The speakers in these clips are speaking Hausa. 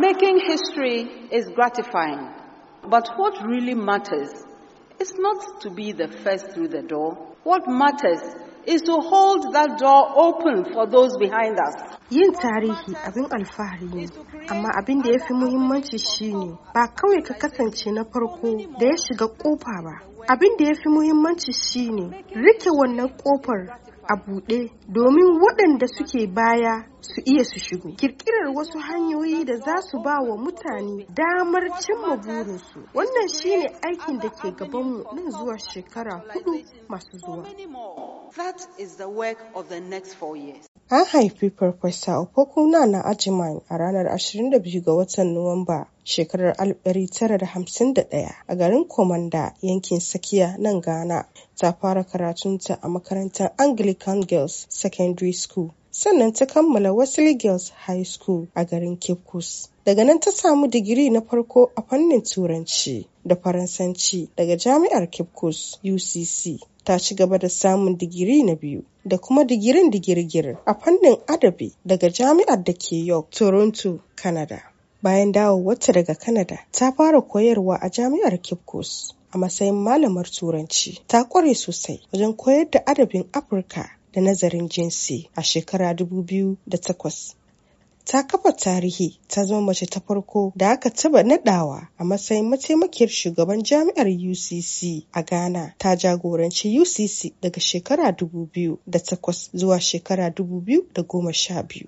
Making history is gratifying, but what really matters is not to be the first through the door. What matters is to hold that door open for those behind us. Yin tarihi abin alfahari ne, amma abin da ya fi muhimmanci shine ba kawai ka kasance na farko da ya shiga kofa ba. Abin da ya fi muhimmanci shine rike wannan kofar a buɗe domin waɗanda suke baya su iya su shigo kirkirar wasu hanyoyi da za su ba wa mutane damar cimma burinsu wannan shi ne aikin da ke gabanmu nan zuwa shekara hudu masu zuwa An haifi Farfesa Opokuna na Ajiman a ranar 22 ga watan Nuwamba shekarar 1951 a garin Komanda yankin Sakiya nan Ghana. Ta fara karatunta a makarantar Anglican Girls Secondary School sannan ta kammala Wesley Girls High School a garin Cape Coast. Daga nan ta samu digiri na farko a fannin Turanci da Faransanci daga Jami'ar Cape Coast UCC. Ta ci gaba da samun digiri na biyu da kuma digirin digirgir a fannin adabi daga Jami'ar da ke York, Toronto, Canada. Bayan dawo dawowarta daga Canada, ta fara koyarwa a Jami'ar Cape Coast. a matsayin malamar turanci ta kware sosai wajen koyar da adabin afirka da nazarin jinsi a shekara 2008. Ta kafa tarihi ta zama mace ta farko da aka taba nadawa a matsayin mataimakiyar shugaban jami'ar UCC a Ghana ta jagoranci UCC daga shekara 2008 zuwa shekara 2012.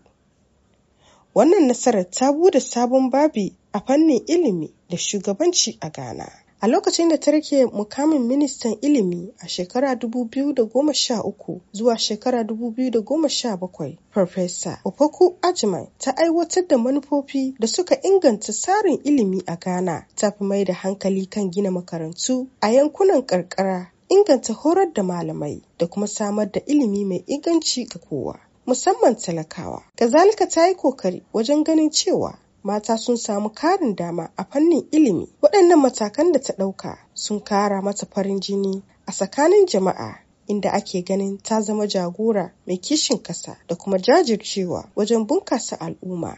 Wannan nasarar ta bude sabon babi a fannin ilimi da shugabanci a Ghana. A lokacin da ta rike mukamin ministan ilimi a shekara 2013 zuwa shekara 2017, Farfesa Opoku Ajimai ta aiwatar da manufofi da suka inganta tsarin ilimi a Ghana ta fi mai da hankali kan gina makarantu a yankunan karkara, inganta horar da malamai da kuma samar da ilimi mai inganci ga kowa. musamman talakawa. Kazalika ta yi kokari wajen ganin cewa mata sun samu karin dama a fannin ilimi waɗannan matakan da ta ɗauka sun kara mata farin jini a tsakanin jama'a inda ake ganin ta zama jagora mai kishin ƙasa da kuma jajircewa wajen bunkasa al'umma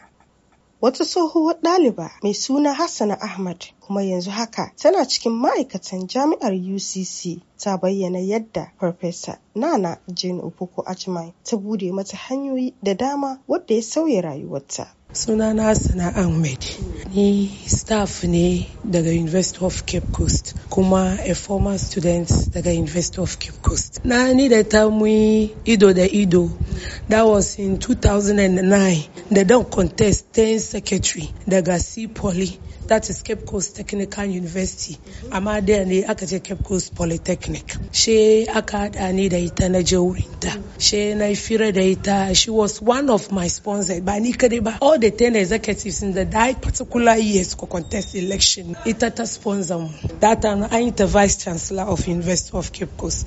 wata tsohuwar ɗaliba mai suna Hassana Ahmad kuma yanzu haka tana cikin ma'aikatan jami'ar UCC ta bayyana yadda Farfesa Nana Jane ofoko Ajmai ta bude mata hanyoyi da dama wadda ya sauya rayuwarta. sunana sana ahmed ni staff ne daga university of cape coast kuma a former student daga university of cape coast na ni da ta ido da ido that was in 2009 da don contest 10 secretary daga c poly that is Cape Coast Technical University mm-hmm. amma am ne aka ce Cape Coast Polytechnic she aka hada ni da ita na je mm-hmm. she na fira da ita she was one of my sponsors ba ni kadai ba all the 10 executives in the that particular years ko contest election ita ta sponsor mu that I am the vice chancellor of University of Cape Coast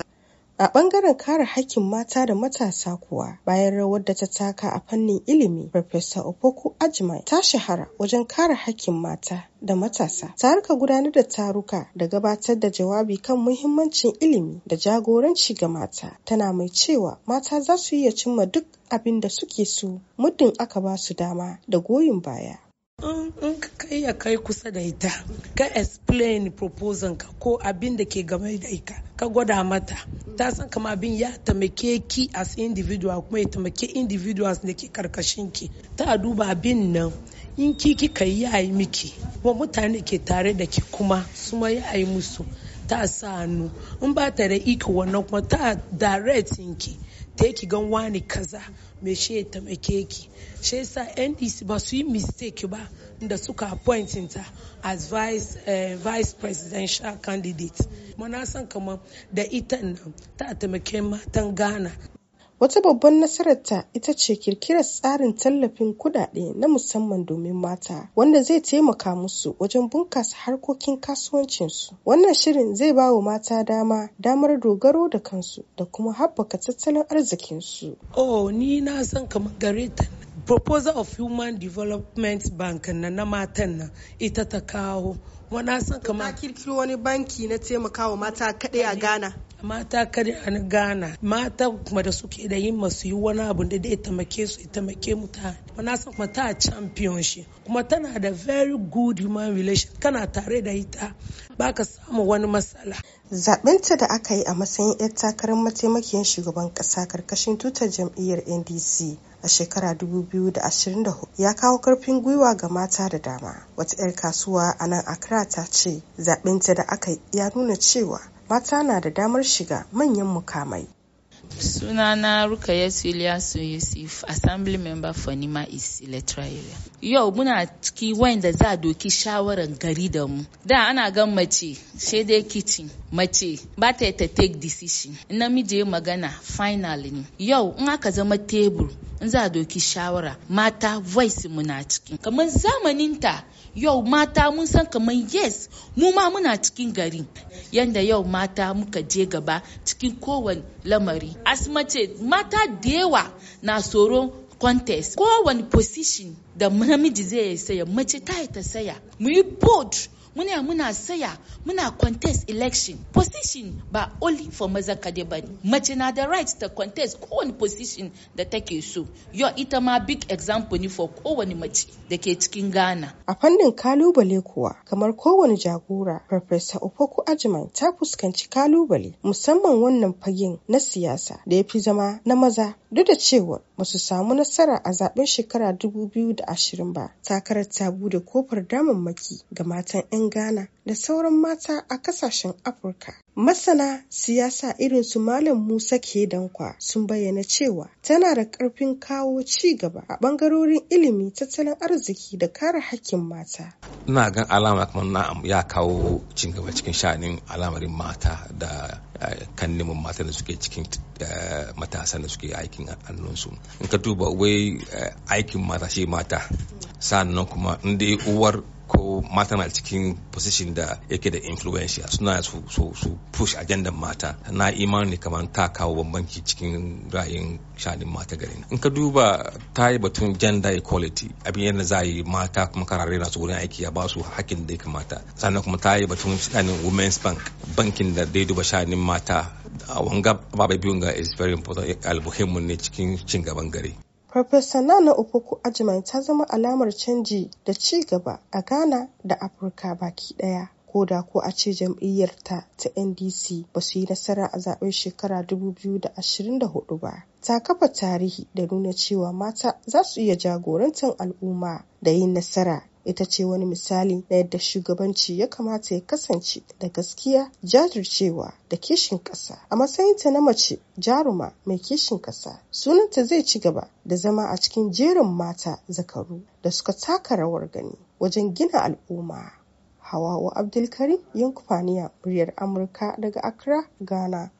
A ɓangaren kare hakkin mata da matasa kuwa bayan rawar da ta taka a fannin ilimi, Farfesa Opoku Ajimai ta shahara wajen kare hakkin mata da matasa. Ta rika gudanar da taruka da gabatar da jawabi kan muhimmancin ilimi da jagoranci ga mata. Tana mai cewa mata za su iya cimma duk abin da suke so muddin aka ba su dama da goyon baya. in kai ya kai kusa da ita ka explain proposal ka ko abin da ke game da ita ka gwada mata ta san kama abin ya taimake ki as individual kuma ya tamake individuals da ke karkashin ki ta duba abin nan in ki kika yi ya yi miki kuma mutane ke tare da ki kuma suma ya yi musu ta sa hannu in ba ta da iko wannan kuma ta direct ki ta ki gan wani kaza me shi ya taimake ki shi yasa ndc ba su yi mistake ba da suka appointing ta as vice, uh, vice presidential candidate mana san kama da ita nan ta taimake matan ghana Wata babban nasararta ita ce kirkirar tsarin tallafin kudade na musamman domin mata wanda zai taimaka musu wajen bunkasa harkokin kasuwancinsu. Wannan shirin zai ba wa mata dama damar dogaro da kansu da kuma haɓaka tattalin arzikinsu. Oh, ni na san kamar gare ta proposal of human development bank na na matan nan ita ta kawo. Wana san kamar. Ta kirkiro wani banki na taimakawa mata kaɗai a Ghana. mata kada a gana mata kuma da suke da yin masu yi wani abu da ya taimake su ya taimake mu ta na san kuma ta champion shi kuma tana da very good human relation kana tare da ita baka samu wani matsala zaɓenta da aka yi a matsayin 'yar takarar mataimakin shugaban ƙasa karkashin tutar jam'iyyar ndc a shekara 2024 ya kawo karfin gwiwa ga mata da dama wata 'yar kasuwa a nan accra ta ce zaɓenta da aka yi ya nuna cewa mata na da damar shiga manyan mukamai. Sunana Rukaya su Yusuf, Assembly Member for Nima East Electoral Area. Yau muna ciki wanda za a doki shawaran gari da mu. Da ana gan mace, dai kitchen, mace ba ta yi ta take decision. Namiji ya magana final ne. Yau in aka zama tebur, in za a doki shawara, mata voice muna ciki. Kamar zamaninta, yau mata mun san kamar yes, mu ma muna cikin gari. Yanda yau mata muka je gaba cikin kowane lamari. asma mata da yawa na tsoron contest kowane position da namiji zai saya mace ta ta saya mu yi bold muna muna saya muna contest election position ba only for maza kade ba ne, mace na da right ta contest kowane position da take so yau ita ma big example ne for kowane mace da ke cikin ghana a fannin kalubale kuwa kamar kowane jagora farfesa ofoku ajiman ta fuskanci kalubale musamman wannan fagen na siyasa da ya fi zama na maza duk da cewa ba su samu nasara a zaben shekara 2020 ba takarar ta bude kofar damammaki ga matan 'yan 'yan Ghana da sauran mata a kasashen Afirka. Masana siyasa irin su Malam Musa ke dankwa sun bayyana cewa tana da ƙarfin kawo ci gaba a ɓangarorin ilimi, tattalin arziki da kare hakkin mata. Ina gan alama kamar na ya kawo ci gaba cikin sha'anin alamarin mata da eh, kan neman mata da suke cikin eh, matasan da suke aikin hannunsu. In ka duba wai eh, aikin mata shi mata. Sannan kuma inda uwar mata na cikin position da yake da influential suna su su su push ajandan mata na imani kamar ta kawo bambanci cikin rayin shanin mata gari in ka duba ta yi batun gender equality abin yadda za yi mata kuma karare na su wurin aiki ya ba su hakkin da ya kamata sannan kuma ta yi batun shanin women's bank bankin da dai duba shanin mata a wanga babai biyun ga is very important almuhimmin ne cikin cin gaban gari Farfesa Nana Akufo-Addo ta zama alamar canji da ci gaba a Ghana da Afirka baki ɗaya. ko da ko a ce jam'iyyarta ta ndc ba su yi nasara a zaɓen shekara 2024 ba ta kafa tarihi da nuna cewa mata za su iya jagorantar al'umma da yin nasara ita ce wani misali na yadda shugabanci ya kamata ya kasance da gaskiya jajircewa da kishin ƙasa a matsayinta na mace jaruma mai kishin ƙasa sunanta zai ci gaba da zama a cikin jerin mata zakaru da suka taka rawar gani wajen gina al'umma hawawa abdulkarim yankwaniya muryar amurka daga accra ghana